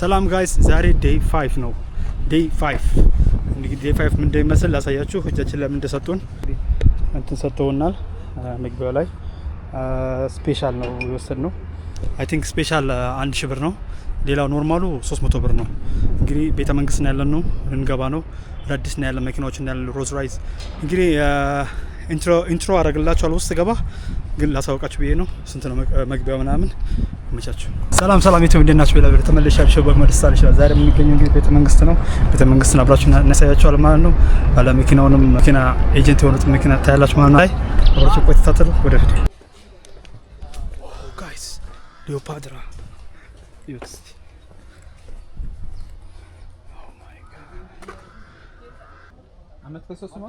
ሰላም ጋይስ ዛሬ ዴይ ፋይቭ ነው። ዴይ ፋይቭ እንግዲህ ዴይ ፋይቭ ምን እንደሚመስል ላሳያችሁ። እጃችን ለምን እንደሰጡን እንትን ሰጥተውናል። መግቢያው ላይ ስፔሻል ነው ነው። አይ ቲንክ ስፔሻል አንድ ሺ ብር ነው። ሌላው ኖርማሉ 300 ብር ነው። እንግዲህ ቤተ መንግስት ነው ያለን ነው ልንገባ ነው። ረዲስ ነው ያለን መኪናዎች ነው ያለን ሮዝ ራይዝ እንግዲህ ኢንትሮ ኢንትሮ አደርግላችኋለሁ ውስጥ ገባ ግን ላሳውቃችሁ ብዬ ነው። ስንት ነው መግቢያው ምናምን መቻችሁ። ሰላም ሰላም፣ የትም እንዴት ናችሁ? በላብር ተመልሻችሁ በመደስታል ይችላል። ዛሬ የምንገኘው እንግዲህ ቤተ መንግስት ነው። ቤተ መንግስት መንግስትን አብራችሁ እናሳያችኋል ማለት ነው። ባለ መኪናውንም መኪና ኤጀንት የሆኑት መኪና ታያላችሁ ማለት ነው። አይ አብራችሁ ቆይ ተታተሉ። ወደፊት ጋይስ ሊዮፓድራ ዩስ አመት ከሶስት ነው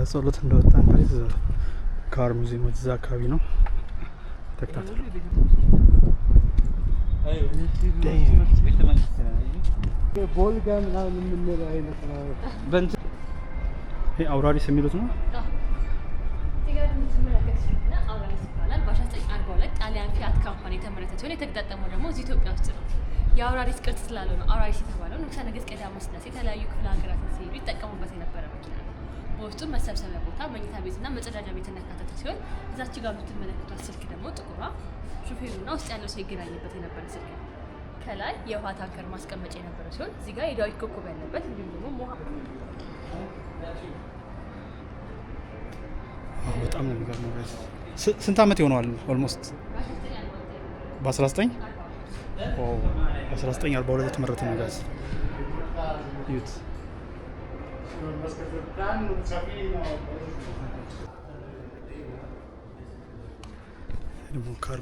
ከጸሎት እንደወጣ ማለት ካር ሙዚየም እዛ አካባቢ ነው። ተከታተሉ። አውራሪስ የሚሉት ነው። ጣሊያን ፊያት ካምፓኒ የተመረተ ሲሆን የተገጣጠመው ደግሞ እዚህ ኢትዮጵያ ውስጥ ነው። የአውራሪስ ቅርጽ ስላለው ነው አውራሪስ የተባለው ንጉሠ ነገሥት ቀዳማዊ ሥላሴ የተለያዩ ክፍለ ሀገራት ሲሄዱ ይጠቀሙበት የነበረ መኪና በውስጡ መሰብሰቢያ ቦታ፣ መኝታ ቤትና መጸዳጃ ቤት ያካተተ ሲሆን እዛች ጋር የምትመለከቷት ስልክ ደግሞ ጥቁሯ ሹፌሩና ውስጥ ያለው ሰው ይገናኝበት የነበረ ስልክ ነው። ከላይ የውሃ ታንከር ማስቀመጫ የነበረ ሲሆን እዚህ ጋር የዳዊት ኮከብ ያለበት እንዲሁም ደግሞ ውሃ በጣም ነው የሚገርመው። ስንት አመት ይሆነዋል? ኦልሞስት በ19 1942 የተመረተ ነው ጋዝ ዩት doing was because the plan was happening now. Animal Car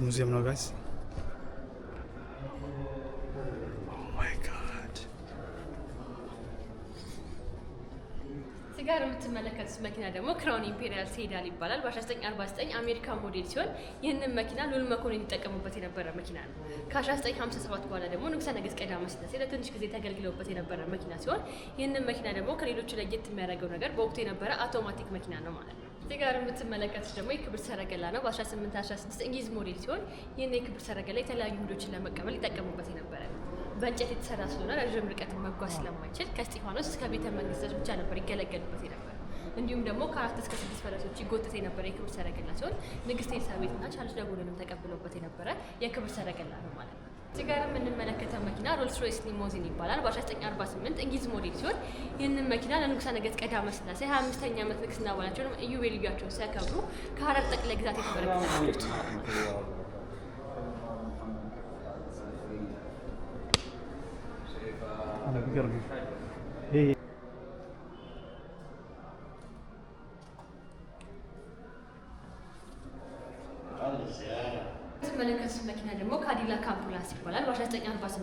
ጋር የምትመለከቱት መኪና ደግሞ ክራውን ኢምፔሪያል ሴዳን ይባላል። በ1949 አሜሪካ ሞዴል ሲሆን ይህንን መኪና ሉል መኮንን የሚጠቀሙበት የነበረ መኪና ነው። ከ1957 በኋላ ደግሞ ንጉሠ ነገሥት ቀዳማዊ ሥላሴ ለትንሽ ጊዜ ተገልግለውበት የነበረ መኪና ሲሆን ይህንን መኪና ደግሞ ከሌሎቹ ለየት የሚያደርገው ነገር በወቅቱ የነበረ አውቶማቲክ መኪና ነው ማለት ነው። እዚህ ጋር የምትመለከቱት ደግሞ የክብር ሰረገላ ነው። በ1816 እንግሊዝ ሞዴል ሲሆን ይህን የክብር ሰረገላ የተለያዩ እንግዶችን ለመቀበል ይጠቀሙበት የነበረ ነው። በእንጨት የተሰራ ስለሆነ ረዥም ርቀት መጓዝ ስለማይችል ከእስጢፋኖስ እስከ ቤተ መንግስት ብቻ ነበር ይገለገልበት የነበር። እንዲሁም ደግሞ ከአራት እስከ ስድስት ፈረሶች ይጎተት የነበረ የክብር ሰረገላ ሲሆን ንግስት ኤልሳቤጥና ቻርልስ ደጎልንም ተቀብሎበት የነበረ የክብር ሰረገላ ነው ማለት ነው። እዚህ ጋር የምንመለከተው መኪና ሮልስ ሮይስ ሊሞዚን ይባላል። በ1948 እንግሊዝ ሞዴል ሲሆን ይህንን መኪና ለንጉሰ ነገሥት ቀዳማዊ ሥላሴ 25ኛ ዓመት ንግሥና በዓላቸውን ኢዮቤልዩአቸውን ሲያከብሩ ከሀረር ጠቅላይ ግዛት የተበረከተ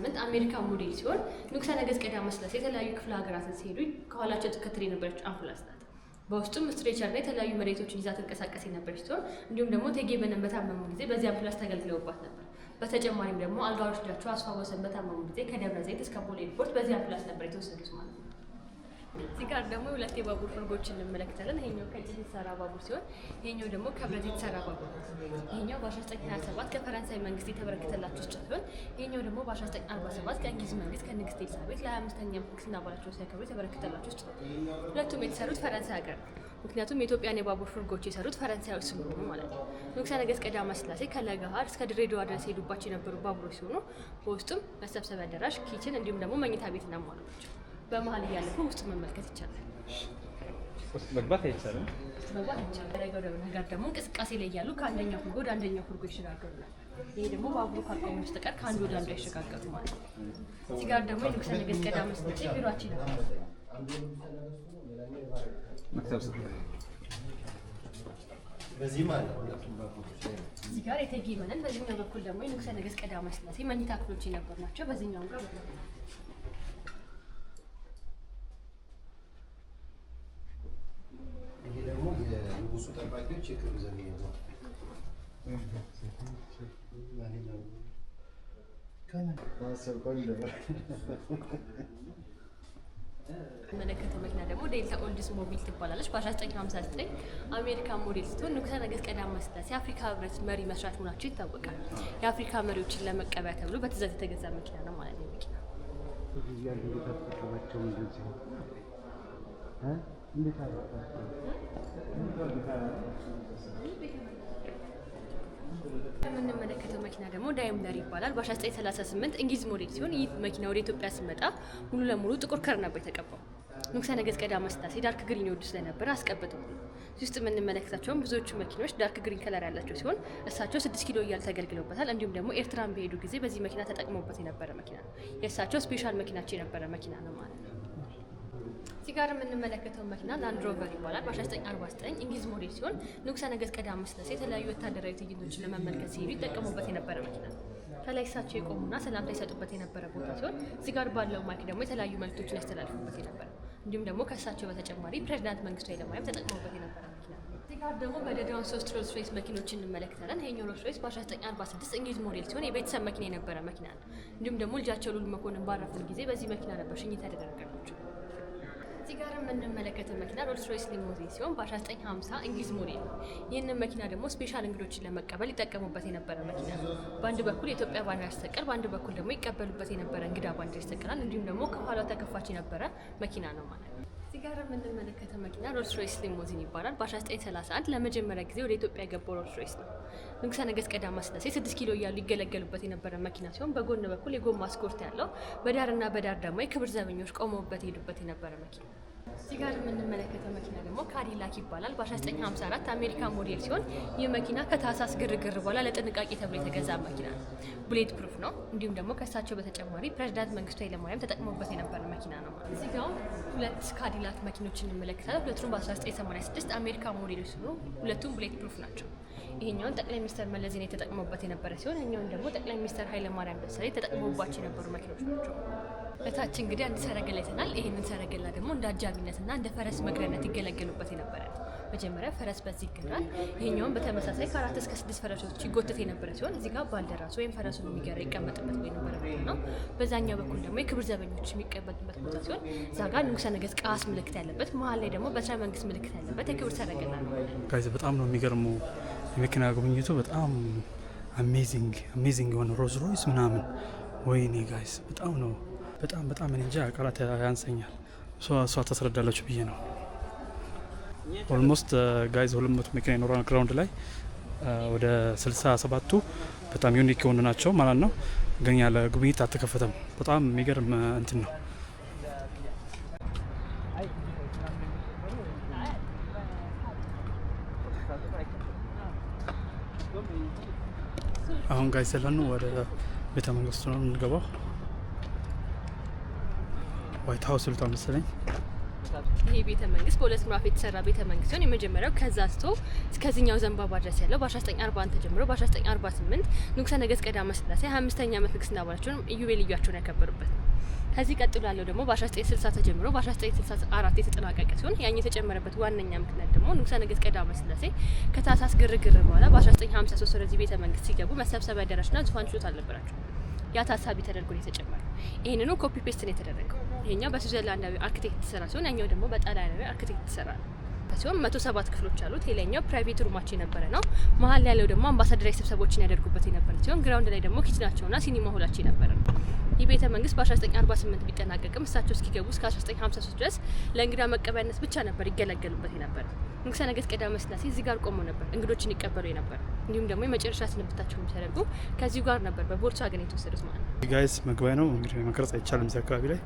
18 አሜሪካ ሞዴል ሲሆን ንጉሠ ነገሥት ቀዳማዊ ስላሴ የተለያዩ ክፍለ ሀገራትን ሲሄዱ ከኋላቸው ትከተል የነበረች አምቡላንስ ናት። በውስጡም ስትሬቸር ላይ የተለያዩ መሬቶችን ይዛ ትንቀሳቀስ የነበረች ሲሆን እንዲሁም ደግሞ እቴጌ በነን በታመሙ ጊዜ በዚህ አምቡላንስ ተገልግለውባት ነበር። በተጨማሪም ደግሞ አልጋ ወራሾቻቸው አስፋው ወሰን በታመሙ ጊዜ ከደብረ ዘይት እስከ ቦሌ ኤርፖርት በዚህ አምቡላንስ ነበር የተወሰዱት ማለት ነው። እዚህ ጋር ደግሞ ሁለት የባቡር ፍርጎች እንመለከታለን። ይሄኛው ከእንጨት የተሰራ ባቡር ሲሆን ይሄኛው ደግሞ ከብረት የተሰራ ባቡር። ነው። ይሄኛው በ 1947 ከፈረንሳይ መንግስት የተበረከተላቸው ሲሆን ይሄኛው ደግሞ በ1947 ከእንግሊዝ መንግስት ከንግስት ኤልሳቤት ለ25ኛ መንግስትና ባላቸው ሲያከብሩ የተበረከተላቸው ሲሆን ሁለቱም የተሰሩት ፈረንሳይ ሀገር ነው። ምክንያቱም የኢትዮጵያን የባቡር ፍርጎች የሰሩት ፈረንሳዮች ስለሆኑ ማለት ነው። ንጉሠ ነገሥት ቀዳማዊ ሥላሴ ከለገሃር እስከ ድሬዳዋ ድረስ ሄዱባቸው የነበሩ ባቡሮች ሲሆኑ በውስጡም መሰብሰቢያ አዳራሽ፣ ኪችን እንዲሁም ደግሞ መኝታ ቤት እናሟሉ ናቸው። በመሀል እያለፈ ውስጥ መመልከት ይቻላል። ውስጥ መግባት አይቻልም። ውስጥ መግባት አይቻልም። ነገር ደግሞ እንቅስቃሴ ላይ እያሉ ከአንደኛው ፍርጎ ወደ አንደኛው ፍርጎ ይሸጋገሩናል። ይሄ ደግሞ በአብሮ ካልቆሙ በስተቀር ከአንዱ ወደ አንዱ አይሸጋገሩ ማለት ነው። እዚህ ጋር ደግሞ የንጉሰ ነገሥት ቀዳማዊ ስጥጭ ቢሯችን ነው። እዚህ ጋር እቴጌ መነን፣ በዚህኛው በኩል ደግሞ የንጉሰ ነገሥት ቀዳማዊ ሥላሴ መኝታ ክፍሎች የነበሩ ናቸው። በዚህኛውም ጋር ይሄ ደግሞ የንጉሱ ጠባቂዎች የክብር ዘብ ይዘዋል። መለከተው መኪና ደግሞ ዴልታ ኦልዲስ ሞቢል ትባላለች። በ1959 አሜሪካ ሞዴል ስትሆን ንጉሠ ነገሥት ቀዳማዊ ሥላሴ የአፍሪካ ህብረት መሪ መስራች መሆናቸው ይታወቃል። የአፍሪካ መሪዎችን ለመቀበያ ተብሎ በትዕዛዝ የተገዛ መኪና ነው ማለት ነው። መኪና የምንመለከተው መኪና ደግሞ ዳይምለር ይባላል። በ1938 እንግሊዝ ሞዴል ሲሆን ይህ መኪና ወደ ኢትዮጵያ ስመጣ ሙሉ ለሙሉ ጥቁር ከር ነበር የተቀባው። ንጉሠ ነገሥት ቀዳማዊ ሥላሴ ዳርክ ግሪን ይወዱ ስለነበረ አስቀብጠው። እዚህ ውስጥ የምንመለከታቸውም ብዙዎቹ መኪኖች ዳርክ ግሪን ከለር ያላቸው ሲሆን እሳቸው ስድስት ኪሎ እያሉ ተገልግለውበታል። እንዲሁም ደግሞ ኤርትራን በሄዱ ጊዜ በዚህ መኪና ተጠቅመውበት የነበረ መኪና ነው። የእሳቸው ስፔሻል መኪናቸው የነበረ መኪና ነው ማለት ነው። እዚህ ጋር የምንመለከተው መኪና ላንድሮቨር ይባላል። በ1949 እንግሊዝ ሞዴል ሲሆን ንጉሠ ነገሥት ቀዳማዊ ሥላሴ የተለያዩ ወታደራዊ ትዕይንቶችን ለመመልከት ሲሄዱ ይጠቀሙበት የነበረ መኪና ነው። ከላይ እሳቸው የቆሙና ሰላምታ ይሰጡበት የነበረ ቦታ ሲሆን እዚህ ጋር ባለው ማይክ ደግሞ የተለያዩ መልክቶችን ያስተላልፉበት የነበረ እንዲሁም ደግሞ ከእሳቸው በተጨማሪ ፕሬዚዳንት መንግስቱ ኃይለማርያም ተጠቅመውበት የነበረ መኪና ጋር ደግሞ በደዳውን ሶስት ሮልስ ሮይስ መኪኖች እንመለከታለን። ይሄኛው ሮልስ ሮይስ በ1946 እንግሊዝ ሞዴል ሲሆን የቤተሰብ መኪና የነበረ መኪና ነው። እንዲሁም ደግሞ ልጃቸው ሉል መኮንን ባረፉን ጊዜ በዚህ መኪና ነበር ሽኝት ያደረገላቸው። እዚህ ጋር የምንመለከተው መኪና ሮልስ ሮይስ ሊሞዚን ሲሆን በ1950 እንግሊዝ ሞዴል ነው። ይህንን መኪና ደግሞ ስፔሻል እንግዶችን ለመቀበል ይጠቀሙበት የነበረ መኪና ነው። በአንድ በኩል የኢትዮጵያ ባንዲራ ያስተቀል፣ በአንድ በኩል ደግሞ ይቀበሉበት የነበረ እንግዳ ባንዲራ ያስተቀላል። እንዲሁም ደግሞ ከኋላ ተከፋች የነበረ መኪና ነው ማለት ነው። እዚህ ጋር የምንመለከተው መኪና ሮልስ ሮይስ ሊሞዚን ይባላል። በ1931 ለመጀመሪያ ጊዜ ወደ ኢትዮጵያ የገባው ሮልስ ሮይስ ነው። መንግስተ ነገስት ቀዳማ ስላሴ ስድስት ኪሎ እያሉ ይገለገሉበት የነበረ መኪና ሲሆን በጎን በኩል የጎማ ስኮርት ያለው በዳርና በዳር ደግሞ የክብር ዘበኞች ቆመውበት ሄዱበት የነበረ መኪና። እዚህ ጋር የምንመለከተው መኪና ደግሞ ካዲላክ ይባላል። በ1954 አሜሪካ ሞዴል ሲሆን ይህ መኪና ከታህሳስ ግርግር በኋላ ለጥንቃቄ ተብሎ የተገዛ መኪና ነው። ቡሌት ፕሩፍ ነው። እንዲሁም ደግሞ ከእሳቸው በተጨማሪ ፕሬዚዳንት መንግስቱ ኃይለማርያም ተጠቅሞበት የነበረ መኪና ነው። እዚህ ጋር ሁለት ካዲላት መኪኖች እንመለከታለን። ሁለቱም በ1986 አሜሪካ ሞዴሎች ሲሆኑ ሁለቱም ብሌት ፕሩፍ ናቸው። ይሄኛውን ጠቅላይ ሚኒስትር መለስ ዜናዊ ተጠቅሞበት የነበረ ሲሆን እኛውን ደግሞ ጠቅላይ ሚኒስትር ኃይለማርያም ደሳለኝ ተጠቅሞባቸው የነበሩ መኪኖች ናቸው። በታች እንግዲህ አንድ ሰረገላ ይተናል። ይህንን ሰረገላ ደግሞ እንደ አጃቢነትና እንደ ፈረስ መግሪያነት ይገለገሉበት የነበረ ነው። መጀመሪያ ፈረስ በዚህ ይገራል። ይሄኛውም በተመሳሳይ ከአራት እስከ ስድስት ፈረሶች ይጎተት የነበረ ሲሆን እዚህ ጋር ባልደራሱ ወይም ፈረሱን የሚገራ ይቀመጥበት ወይ ነበረ ነው። በዛኛው በኩል ደግሞ የክብር ዘበኞች የሚቀመጡበት ቦታ ሲሆን እዛ ጋር ንጉሰ ነገሥት ቃስ ምልክት ያለበት፣ መሀል ላይ ደግሞ በትረ መንግስት ምልክት ያለበት የክብር ሰረገላ ነው። በጣም ነው የሚገርመው የመኪና ጉብኝቱ በጣም አሜዚንግ አሜዚንግ የሆነ ሮዝ ሮይስ ምናምን ወይኔ ጋይስ በጣም ነው በጣም በጣም እንጃ ቃላት ያንሰኛል። እሷ ታስረዳለች ብዬ ነው ኦልሞስት ጋይዝ uh, ሁለት መቶ መኪና ይኖራል ግራውንድ ላይ uh, ወደ ስልሳ ሰባቱ በጣም ዩኒክ የሆኑ ናቸው ማለት ነው። ግን ያለ ጉብኝት አልተከፈተም። በጣም የሚገርም uh, እንትን ነው። አሁን ጋይ ያለን ወደ ቤተ መንግስቱ ነው የምንገባው። ዋይት ሀውስ ይሉታል መሰለኝ ይመስላል። ይሄ ቤተ መንግስት በሁለት ምዕራፍ የተሰራ ቤተ መንግስት ሲሆን የመጀመሪያው ከዛ ስቶ እስከዚህኛው ዘንባባ ድረስ ያለው በ1941 ተጀምሮ በ1948 ንጉሰ ነገስት ቀዳማዊ ሥላሴ 25ኛ ዓመት ንግስና ባላቸውን ኢዮቤልያቸውን ያከበሩበት ነው። ከዚህ ቀጥሎ ያለው ደግሞ በ1960 ተጀምሮ በ1964 የተጠናቀቀ ሲሆን ያኛው የተጨመረበት ዋነኛ ምክንያት ደግሞ ንጉሰ ነገስት ቀዳማዊ ሥላሴ ከታህሳስ ግርግር በኋላ በ1953 ወደዚህ ቤተ መንግስት ሲገቡ መሰብሰቢያ አዳራሽና ዙፋን ችሎት አልነበራቸው። ያ ታሳቢ ተደርጎ የተጨመረው ይህንኑ ኮፒ ፔስት ነው የተደረገው ይሄኛው በስዊዘርላንዳዊ አርክቴክት የተሰራ ሲሆን ያኛው ደግሞ በጣሊያናዊ አርክቴክት የተሰራ ነው ሲሆን መቶ ሰባት ክፍሎች አሉት። ሌላኛው ፕራይቬት ሩማቸው የነበረ ነው። መሀል ያለው ደግሞ አምባሳደራዊ ስብሰቦችን ያደርጉበት የነበረ ሲሆን ግራውንድ ላይ ደግሞ ኪችናቸውና ሲኒማ ሆላቸው የነበረ ነው። ይህ ቤተ መንግስት በ1948 ቢጠናቀቅም እሳቸው እስኪገቡ እስከ 1953 ድረስ ለእንግዳ መቀበያነት ብቻ ነበር ይገለገሉበት የነበረ። ንግሰ ነገሥት ቀዳማዊ ስላሴ እዚህ ጋር ቆሞ ነበር እንግዶችን ይቀበሉ የነበረ። እንዲሁም ደግሞ የመጨረሻ ስንብታቸው የሚያደርጉ ከዚሁ ጋር ነበር በቮልክስዋገን የተወሰዱት ማለት ነው። ጋይስ መግቢያ ነው እንግዲህ መቅረጽ አይቻልም እዚህ አካባቢ ላይ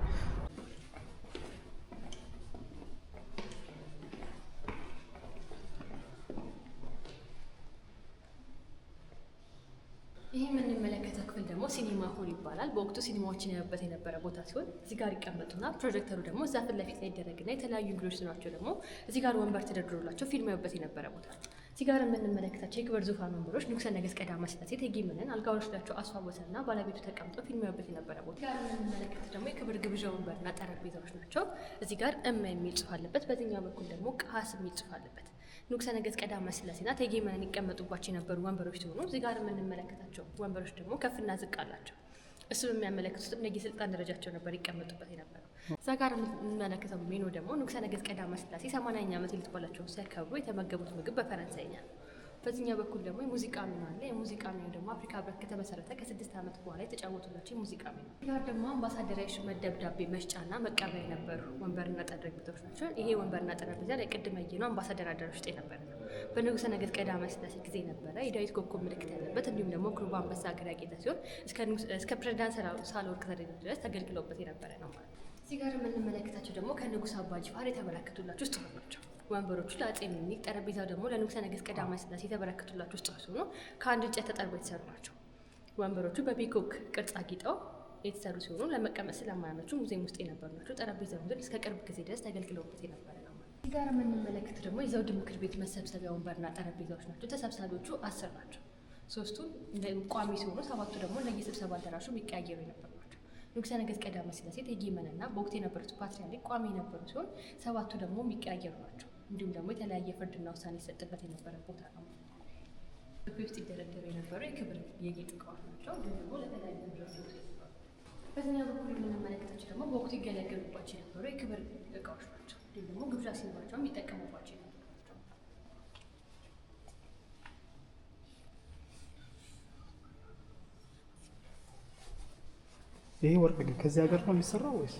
ሆል ይባላል። በወቅቱ ሲኒማዎችን ያዩበት የነበረ ቦታ ሲሆን እዚህ ጋር ይቀመጡና ፕሮጀክተሩ ደግሞ እዛ ፊት ለፊት ላይ ይደረግና የተለያዩ እንግዶች ሲኖራቸው ደግሞ እዚህ ጋር ወንበር ተደርድሮላቸው ፊልም ያዩበት የነበረ ቦታ ነው። እዚህ ጋር የምንመለከታቸው የክብር ዙፋን ወንበሮች ንጉሠ ነገሥት ቀዳማዊ ሥላሴ እቴጌ መነን አልጋ ወራሾቻቸው አስፋወሰንና ባለቤቱ ተቀምጠው ፊልም ያዩበት የነበረ ቦታ። እዚህ ጋር የምንመለከተው ደግሞ የክብር ግብዣ ወንበርና ጠረጴዛዎች ናቸው። እዚህ ጋር እመ የሚል ጽሑፍ አለበት። በዚህኛው በኩል ደግሞ ቃስ የሚል ጽሑፍ አለበት። ንጉሰ ነገሥት ቀዳማዊ ሥላሴና እቴጌ መነን ይቀመጡባቸው የነበሩ ወንበሮች ሲሆኑ እዚህ ጋር የምንመለከታቸው ወንበሮች ደግሞ ከፍና ዝቅ አላቸው። እሱም የሚያመለክቱትም ነገ ስልጣን ደረጃቸው ነበር ይቀመጡበት የነበረው። እዛ ጋር የምንመለከተው ሜኖ ደግሞ ንጉሠ ነገሥት ቀዳማዊ ሥላሴ ሰማንያኛ ዓመት ልትባላቸውን ሲያከብሩ የተመገቡት ምግብ በፈረንሳይኛ ነው። በዚህኛ በኩል ደግሞ የሙዚቃ ሚና አለ። የሙዚቃ ሚና ደግሞ አፍሪካ ህብረት ከተመሰረተ ከስድስት ዓመት በኋላ የተጫወቱላቸው የሙዚቃ ሚና ጋር ደግሞ አምባሳደር የሹመት ደብዳቤ መስጫና መቀበያ የነበሩ ወንበርና ጠረጴዛዎች ናቸው። ይሄ ወንበርና ጠረጴዛ ላይ ቅድመ ነው አምባሳደር አዳራሽ ውስጥ የነበረ ነው። በንጉሠ ነገሥት ቀዳማዊ ስላሴ ጊዜ ነበረ። የዳዊት ኮከብ ምልክት ያለበት እንዲሁም ደግሞ ክሩብ አንበሳ ሀገር ያጌጠ ሲሆን እስከ ፕሬዚዳንት ሳህለወርቅ ዘውዴ ድረስ ተገልግሎበት የነበረ ነው ማለት ነው። እዚህ ጋር የምንመለከታቸው ደግሞ ከንጉሥ አባ የተመላከቱላቸው የተበረከቱላቸው ስጦታዎች ናቸው። ወንበሮቹ ለአፄ ምኒልክ፣ ጠረጴዛው ደግሞ ለንጉሰ ነገስት ቀዳማዊ ሥላሴ የተበረከቱላቸው ስጦታ ሆኖ ከአንድ እንጨት ተጠርበው የተሰሩ ናቸው። ወንበሮቹ በፒኮክ ቅርጽ አጊጠው የተሰሩ ሲሆኑ ለመቀመጥ ስለማያመቹ ሙዚየም ውስጥ የነበሩ ናቸው። ጠረጴዛው ግን እስከ ቅርብ ጊዜ ድረስ ተገልግለውበት የነበረ ነው። እዚህ ጋር የምንመለከት ደግሞ የዘውድ ምክር ቤት መሰብሰቢያ ወንበርና ጠረጴዛዎች ናቸው። ተሰብሳቢዎቹ አስር ናቸው። ሶስቱ ቋሚ ሲሆኑ ሰባቱ ደግሞ ለየስብሰባ አዳራሹ የሚቀያየሩ የነበሩ ናቸው። ንጉሠ ነገሥት ቀዳማዊ ሥላሴ እቴጌ በወቅቱ የነበሩት ፓትርያርክ ቋሚ የነበሩ ሲሆን ሰባቱ ደግሞ የሚቀያየሩ ናቸው። እንዲሁም ደግሞ የተለያየ ፍርድና ውሳኔ ይሰጥበት የነበረ ቦታ ነው። ውስጥ ይደረደሩ የነበሩ የክብር የጌጥ እቃዎች ናቸው። እንዲሁም ደግሞ ለተለያዩ በተኛ በኩል የምንመለከታቸው ደግሞ በወቅቱ ይገለገሉባቸው የነበሩ የክብር እቃዎች ናቸው። እንዲሁም ደግሞ ግብዣ ሲኖራቸውም ይጠቀሙባቸው የነበሩ ይህ ወርቅ ግን ከዚህ ሀገር ነው የሚሰራው ወይስ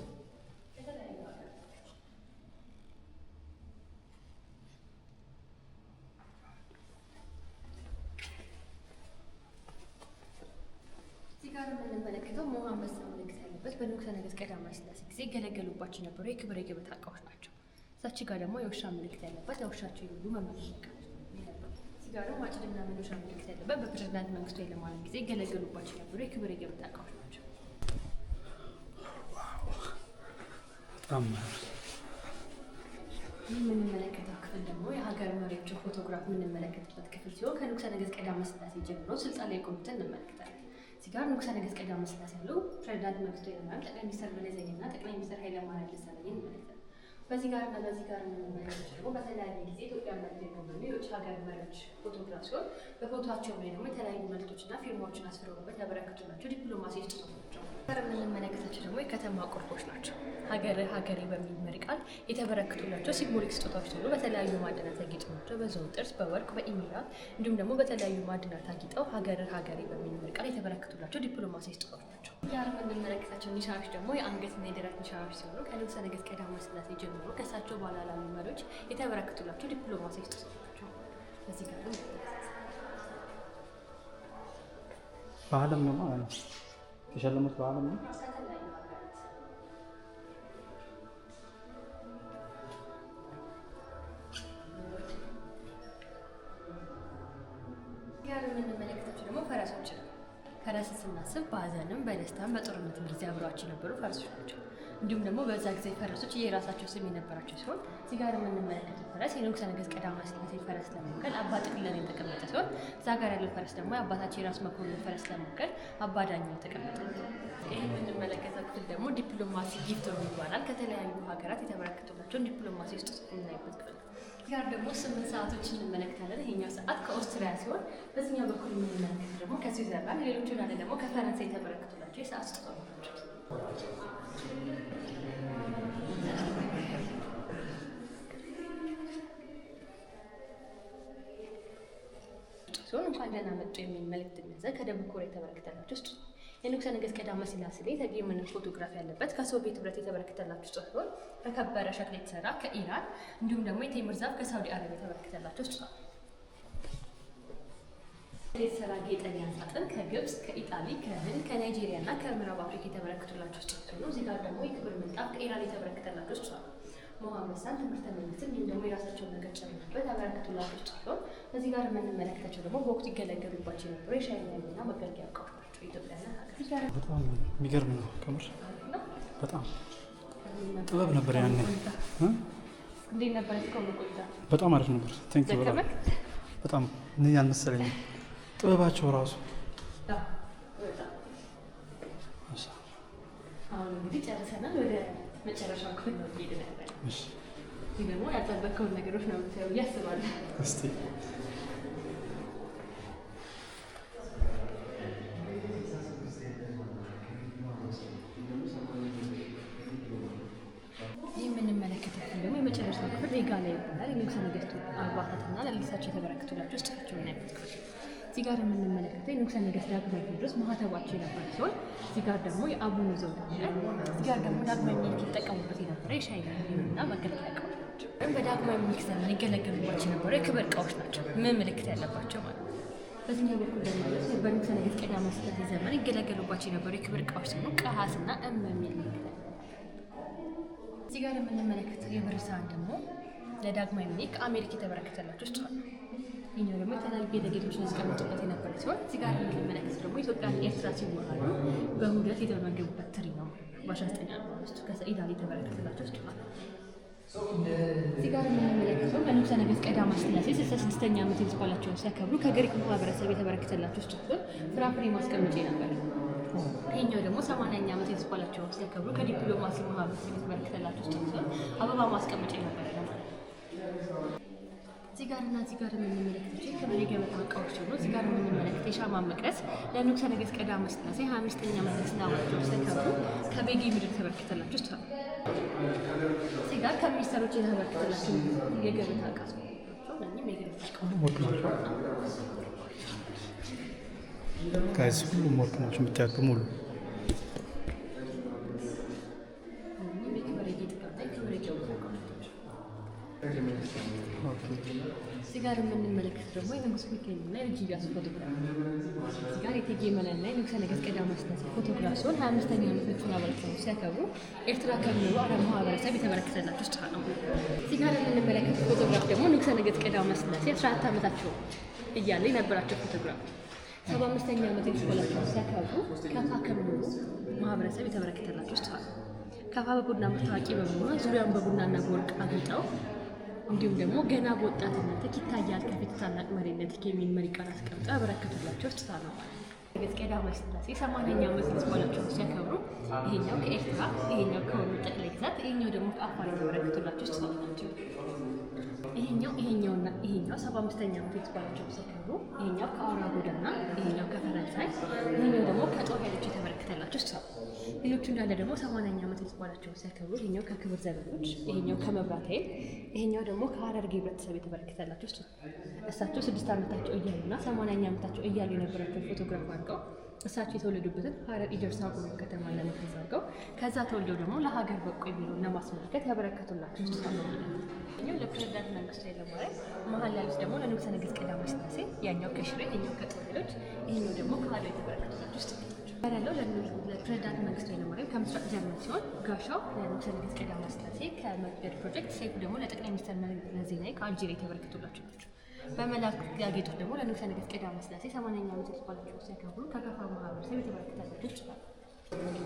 የልባችን ነበሩ የክብር የገበታ እቃዎች ናቸው። እዛች ጋር ደግሞ የውሻ ምልክት ያለበት ለውሻቸው የሚሉ መመለሻቃል እዚህ ጋር ደግሞ አጭድና መዶሻ ምልክት ያለበት በፕሬዝዳንት መንግስቱ የለማለም ጊዜ ገለገሉባቸው የነበሩ የክብር የገበታ እቃዎች ናቸው። ይህ የምንመለከተው ክፍል ደግሞ የሀገር መሪዎችን ፎቶግራፍ የምንመለከትበት ክፍል ሲሆን ከንጉሠ ነገሥት ቀዳማዊ ሥላሴ ጀምሮ ስልጣን ላይ የቆዩትን እንመለከታለን። እዚህ ጋር ንጉሠ ነገሥት ቀዳማዊ ሥላሴ ያሉ ፕሬዚዳንት መንግስቱ ኃይለማርያም፣ ጠቅላይ ሚኒስትር መለስ ዜናዊና ጠቅላይ ሚኒስትር ኃይለማርያም ደሳለኝ ይመለከታል። በዚህ ጋር እና በዚህ ጋር የምንመለከት ደግሞ በተለያየ ጊዜ ኢትዮጵያ መሪ የሆኑ የውጭ ሀገር መሪዎች ፎቶግራፍ ሲሆን በፎቶቸው ላይ ደግሞ የተለያዩ መልዕክቶችና ፊርማዎችን አስፍረውበት ያበረከቱ ናቸው ዲፕሎማሲ ውስጥ ነው። የምንመለከታቸው ደግሞ የከተማ ቁርቦች ናቸው። ሀገር ሀገሬ በሚል መሪ ቃል የተበረክቱላቸው ሲምቦሊክ ስጦታዎች ሲሆኑ በተለያዩ ማዕድናት ያጌጡ ናቸው። በዝሆን ጥርስ፣ በወርቅ፣ በኢሜራል እንዲሁም ደግሞ በተለያዩ ማዕድናት ያጌጠው ሀገር ሀገሬ በሚል መሪ ቃል የተበረክቱላቸው ዲፕሎማሲ ስጦታዎች ናቸው። ዛሬ የምንመለከታቸው ኒሻዎች ደግሞ የአንገትና የደረት ኒሻዎች ሲሆኑ ከንጉሠ ነገሥት ቀዳማዊ ሥላሴ ጀምሮ ከእሳቸው በኋላ ላሉ መሪዎች የተበረክቱላቸው ዲፕሎማሲ ስጦታዎች ናቸው። በዚህ ጋር ባህልም ነው ማለት ነው። የሸለሙት በዓለም ነው። ደግሞ ፈረሶች ስናስብ በሀዘንም በደስታም በጦርነትም ጊዜ አብረዋቸው የነበሩ ፈረሶች ናቸው። እንዲሁም ደግሞ በዛ ጊዜ ፈረሶች የራሳቸው ስም የነበራቸው ሲሆን እዚህ ጋር የምንመለከተው ፈረስ የንጉሠ ነገሥት ቀዳማዊ ሥላሴ ፈረስ ለመወከል አባ ጥቅለን የተቀመጠ ሲሆን እዛ ጋር ያለው ፈረስ ደግሞ የአባታቸው የራስ መኮንን ፈረስ ለመወከል አባ ዳኛው የተቀመጠ ይህ የምንመለከተው ክፍል ደግሞ ዲፕሎማሲ ጊፍት ነው ይባላል። ከተለያዩ ሀገራት የተበረከቱላቸውን ዲፕሎማሲ ውስጥ የምናይበት ክፍል ጋር ደግሞ ስምንት ሰዓቶች እንመለከታለን። ይሄኛው ሰዓት ከኦስትሪያ ሲሆን በዚህኛው በኩል የምንመለከተው ደግሞ ከስዊዘርላንድ ሌሎቹ ጋር ደግሞ ከፈረንሳይ የተበረከቱላቸው የሰዓት ስጦታ ናቸው። ሲሆን እንኳን ደህና መጡ የሚል መልእክት የሚያዘ ከደቡብ ኮሪያ የተበረከተላችሁ ቀዳማዊ ፎቶግራፍ ያለበት ከሶቪየት ህብረት የተበረከተላችሁ ስጦታ ሲሆን ከከበረ ሸክላ የተሰራ ከኢራን እንዲሁም ደግሞ የቴምር ዛፍ ከሳውዲ አረቢያ የተበረከተላችሁ ነው። የተሰራ ጌጠኛ ሳጥን ከግብፅ፣ ከኢጣሊ፣ ከህንድ፣ ከናይጄሪያ እና ከምዕራብ አፍሪካ የተበረከቱላቸው ስጦታ ነው። እዚህ ጋር ደግሞ የክብር ምንጣፍ ከኢራን የተበረከተላቸው ስጦታ ነው። መሐመድ ሳን ትምህርተ መንግስትን ወይም ደግሞ የራሳቸውን ነገር ጨምረበት ያበረከቱላቸው ስጦታ ነው። እዚህ ጋር የምንመለከታቸው ደግሞ በወቅቱ ይገለገሉባቸው የነበሩ የሻይ እና መገልገያ እቃዎች ናቸው። ኢትዮጵያና በጣም የሚገርም ነው። ከምር በጣም ጥበብ ነበር ያኔ። እንዴት ነበር? በጣም አሪፍ ነበር። ቴንክ በጣም እኔ ጥበባቸው ራሱ አሁን ወደ መጨረሻው ክፍል ነው ደግሞ ያልጠበቅከውን ነገሮች ነው ምታየው እያስባለሁ እዚህ ጋር የምንመለከተው የንጉሠ ነገሥት ዳግማዊ ቴዎድሮስ ማህተባቸው የነበረ ሲሆን እዚህ ጋር ደግሞ የአቡነ ዘውድ እዚህ ጋር ደግሞ ዳግማዊ ምኒልክ ይጠቀሙበት የነበረ የሻይ እና መገልገያ እቃዎች ወይም በዳግማዊ ምኒልክ ዘመን ይገለገሉባቸው የነበረ የክብር እቃዎች ናቸው። ምን ምልክት ያለባቸው ማለት ነው። በዚህኛው በኩል ደግሞ በንጉሠ ነገሥት ቀዳማዊ ሥላሴ ዘመን ይገለገሉባቸው የነበሩ የክብር እቃዎች ሲሆኑ ቀሃስና እም የሚል እዚህ ጋር የምንመለከተው የብር ደግሞ ለዳግማዊ ምኒልክ አሜሪካ የተበረከተላቸው ውስጥ ነው። ይህኛው ደግሞ የተለያዩ ጌጣጌጦችን ያስቀምጡበት የነበረ ሲሆን እዚህ ጋር የምንመለከት ደግሞ ኢትዮጵያ ኤርትራ ሲዋሃሉ በሁለት የተመገቡበት ትሪ ነው። በ1945 ከኢጣሊ የተበረከተላቸው ስጦታ ነው። እዚህ ጋር የምንመለከተው በንጉሠ ነገሥት ቀዳማዊ ሥላሴ ስልሳ ስድስተኛ ዓመት ልደት ሲያከብሩ ከግሪክ ማህበረሰብ የተበረከተላቸው ስጦታ ፍራፍሬ ማስቀመጫ ነበር። ይህኛው ደግሞ ሰማንያኛ ዓመት ልደት ሲያከብሩ ከዲፕሎማሲ ማህበረሰብ የተበረከተላቸው ስጦታ አበባ ማስቀመጫ ነበር። እዚህ ጋር እና እዚህ ጋር የምንመለከታቸው የክብር የገበታ እቃዎች ሲሆኑ እዚህ ጋር የምንመለከት የሻማ መቅረስ ለንጉሠ ነገሥት ቀዳማዊ ሥላሴ ሀያ አምስተኛ መለስና ወቸው ሲያከብሩ ከቤጌ ምድር ተበርክተላቸው ይችላል። እዚህ ጋር ከሚኒስተሮች የተበርክተላቸው የገበታ እቃ ከዚህ ሁሉም ወርቅ ናቸው የምታያቸው ሙሉ እዚህ ጋር የምንመለከት ደግሞ የንጉሥ ሚካኤል እና የእጅያሱ ፎቶግራፍ ነው። እዚህ ጋር የእቴጌ መነን እና የንጉሠ ነገሥት ቀዳማዊ ኃይለ ፎቶግራፍ ሲሆን ሀያ አምስተኛ ዓመታቸውን አበረክተው ሲያከብሩ ኤርትራ ከሚኖሩ አረብ ማህበረሰብ የተበረከተላቸው ስጦታ ነው። እዚህ ጋር የምንመለከት ፎቶግራፍ ደግሞ ንጉሠ ነገሥት ቀዳማዊ ኃይለ ሥላሴ አስራ አራት ዓመታቸው እያለ የነበራቸው ፎቶግራፍ ሰባ አምስተኛ ዓመት የተስኮላቸው ሲያከብሩ ከፋ ከሚኖሩ ማህበረሰብ የተበረከተላቸው ስጦታ ነው። ከፋ በቡና ምርት ታዋቂ በመሆኗ ዙሪያውን በቡናና በወርቅ አጊጠው እንዲሁም ደግሞ ገና በወጣትነትህ ይታያል ከፊት ታላቅ መሪነት የሚል መሪ ቃል አስቀምጠው ያበረከቱላቸው ስጦታ ነው። እርግጥ ቀዳማዊ ሥላሴ ሰማንያኛ ዓመት ልዝባላቸው ሲያከብሩ ይሄኛው ከኤርትራ ይሄኛው ከወሎ ጠቅላይ ግዛት ይሄኛው ደግሞ ከአፋር የተበረከቱላቸው ስጦታ ናቸው። ይሄኛው ይሄኛውና ይሄኛው ሰባ አምስተኛ ዓመት ልዝባላቸው ሲያከብሩ ይሄኛው ከአውራ ጎዳና ይሄኛው ከፈረንሳይ ይሄኛው ደግሞ ከጦር ኃይሎች የተበረከተላቸው ስጦታ ሌሎቹ እንዳለ ደግሞ ሰማንያኛ ዓመት በዓላቸውን ሲያከብሩ ይሄኛው ከክብር ዘበኖች፣ ይሄኛው ከመብራት ኃይል፣ ይሄኛው ደግሞ ከሀረርጌ ህብረተሰብ የተበረከተላቸው እሳቸው ስድስት ዓመታቸው እያሉ እያሉና ሰማንያኛ ዓመታቸው እያሉ የነበራቸው ፎቶግራፍ አድርገው እሳቸው የተወለዱበትን ሀረር ኢደርሳ ቁመ ከተማ ለመግለጽ አድርገው ከዛ ተወልደው ደግሞ ለሀገር በቁ የሚለውን ለማስመልከት ያበረከቱላቸው ስ ለፕሬዚዳንት መንግስቱ ኃይለማርያም መሀል ያሉት ደግሞ ለንጉሠ ነገሥት ቀዳማዊ ሥላሴ ያኛው ከሽሬ ይኛው ከጦር ኃይሎች ይህኛው ደግሞ ከሀሎ የተበረከቱላቸው ውስጥ ያለው ለፕሬዝዳንት መንግስቱ ኃይለማርያም ከምስራቅ ጀርመን ሲሆን ጋሻው ለንጉሠ ነገሥት ቀዳማዊ ኃይለ ሥላሴ ፕሮጀክት፣ ሰይፉ ደግሞ ለጠቅላይ ሚኒስትር መለስ ዜናዊ ከአልጄሪያ የተበረከቱላቸው ናቸው። በመላክ ያጌጡት ደግሞ ለንጉሠ ነገሥት ቀዳማዊ ኃይለ ሰማንያኛ ዓመት የተባላቸው ሲያከብሩ ከከፋ ማህበረሰብ የተበረከተላቸው ይችላል።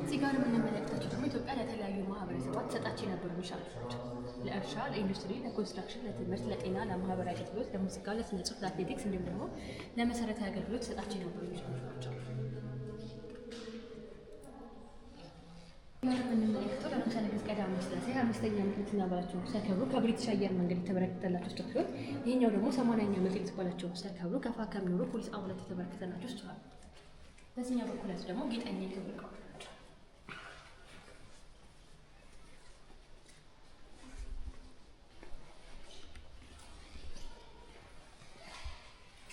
እዚህ ጋር የምንመለከታቸው ደግሞ ኢትዮጵያ ለተለያዩ ማህበረሰባት ሰጣቸው የነበሩ ሚሻሎች ናቸው። ለእርሻ፣ ለኢንዱስትሪ፣ ለኮንስትራክሽን፣ ለትምህርት፣ ለጤና፣ ለማህበራዊ አገልግሎት፣ ለሙዚቃ፣ ለስነ ጽሁፍ፣ ለአትሌቲክስ እንዲሁም ደግሞ ለመሰረታዊ አገልግሎት ሰጣቸው የነበሩ ሚሻሎች ናቸው። የምንመለከተው ለምሳሌ ቀዳማዊ ሥላሴ አምስተኛ ዓመት በዓላቸውን ሲያከብሩ ከብሪቲሽ አየር መንገድ የተበረከተላቸው ስጦታ ሲሆን ይህኛው ደግሞ ሰማንያኛ ዓመት ልደት በዓላቸውን ከፋ ከሚኖሩ ፖሊስ አባላት የተበረከተላቸው ስጦታ ነው። በዚህኛው በኩል ደግሞ ጌጠኛ ክብር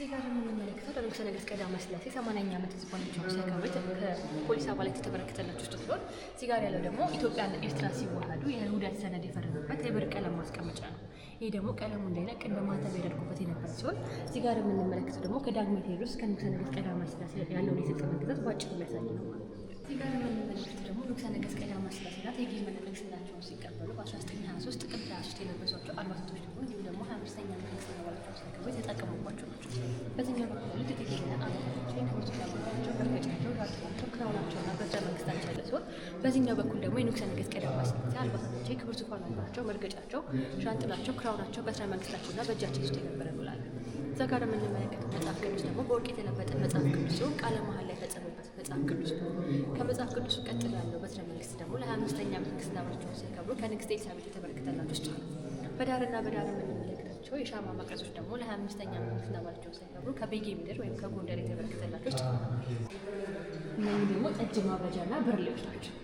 እዚህ ጋር የምንመለከተው ለንጉሠ ነገስት ቀዳማዊ ሥላሴ ሰማንያኛ ዓመት ህዝባቸው ሲያከብሩት ከፖሊስ አባላት የተበረከተላቸው ስጦታ ሲሆን እዚህ ጋር ያለው ደግሞ ኢትዮጵያና ኤርትራ ሲዋሃዱ የውህደት ሰነድ የፈረሙበት የብር ቀለም ማስቀመጫ ነው። ይህ ደግሞ ቀለሙ እንዳይነቅ እንደ ማተብ ያደርጉበት የነበር ሲሆን እዚህ ጋር የምንመለከተው ደግሞ ከዳግማዊ ቴዎድሮስ እስከ ንጉሠ ነገሥት ቀዳማዊ ሥላሴ ያለውን የስልጣን ግዛት በአጭሩ የሚያሳይ ነው። እዚህ ጋር የምንመለከተው ደግሞ ንጉሠ ነገሥት ቀዳማዊ ሥላሴ ናት የጊዜ መለጠቅ ስላቸውን ሲቀበሉ በ1923 ጥቅምት 23 የለበሷቸው አልባሳቶች ደግሞ አነስተኛ እና አነስተኛ ባለሀብት የተጠቀሙባቸው ናቸው። በዚህኛው በኩል ጥቂት አነቶች ንክቦች መንግስታቸው ያለ ሲሆን በዚህኛው በኩል ደግሞ የንጉሠ ነገሥት ቀዳማዊ ኃይለ አልባሳቸው አልባሳታቸው፣ የክብር መርገጫቸው፣ ሻንጥላቸው፣ ክራውናቸው መንግስታቸው ና በእጃቸው ውስጥ የነበረ ብላለ። እዛ ጋር የምንመለከተው መጽሐፍ ቅዱስ ደግሞ በወርቅ የተለበጠ መጽሐፍ ቅዱስ ሲሆን ቃለ መሀል ላይ የተጻፈበት መጽሐፍ ቅዱስ ነው። ከመጽሐፍ ቅዱሱ ቀጥሎ ያለው በትረ መንግስት ደግሞ ለሀያ አምስተኛ ዓመት ንግሥና ሲያከብሩ ከንግሥት ኤልሳቤጥ የተበረከተላቸው ውስጥ ነው። በዳርና በዳር የምንመለከተው ናቸው። የሻማ መቅረዞች ደግሞ ለሀያ አምስተኛ ዓመት ናባቸውን ሳይከብሩ ከቤጌ ምድር ወይም ከጎንደር የተበረከተላቸው እነዚህ ደግሞ ጠጅ ማብረጃና ብርሌዎች ናቸው።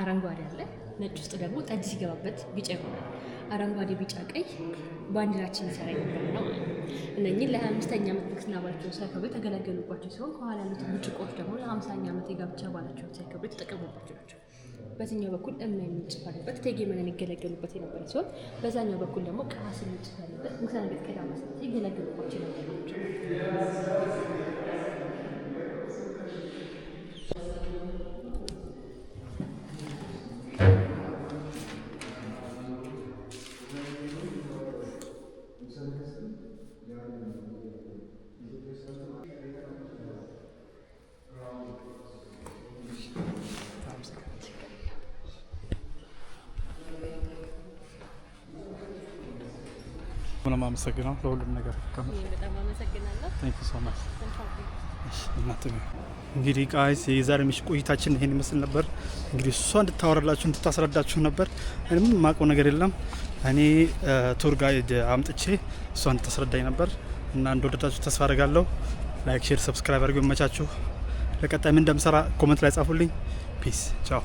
አረንጓዴ አለ፣ ነጭ ውስጥ ደግሞ ጠጅ ሲገባበት ቢጫ ይሆናል። አረንጓዴ፣ ቢጫ፣ ቀይ ባንዲራችን ይሰራ የነበር ነው። እነኚህ ለሀያ አምስተኛ ዓመት ምክትና ሳይከብሩ የተገለገሉባቸው ሲሆን ከኋላ ያሉት ብርጭቆች ደግሞ ለሀምሳኛ ዓመት የጋብቻ ባላቸውን ሳይከብሩ የተጠቀሙባቸው ናቸው። በዚህኛው በኩል እምና የሚጭፍ አለበት እቴጌ መነን ይገለገሉበት የነበረ ሲሆን በዛኛው በኩል ደግሞ ቀዋስ የሚጭፍ አለበት ንጉሠ ነገሥት ቀዳማዊ ይገለገሉባቸው የነበሩ ናቸው። ነው የማመሰግነው ለሁሉም ነገር። እንግዲህ ቃይስ የዛሬ ምሽት ቆይታችን ይሄን ይመስል ነበር። እንግዲህ እሷ እንድታወራላችሁ እንድታስረዳችሁ ነበር። እኔም የማውቀው ነገር የለም። እኔ ቱር ጋይድ አምጥቼ እሷ እንድታስረዳኝ ነበር እና እንደወደዳችሁ ተስፋ አድርጋለሁ። ላይክ፣ ሼር፣ ሰብስክራይብ አድርገው። ይመቻችሁ። ለቀጣይ ምን እንደምሰራ ኮመንት ላይ ጻፉልኝ። ፒስ ቻው።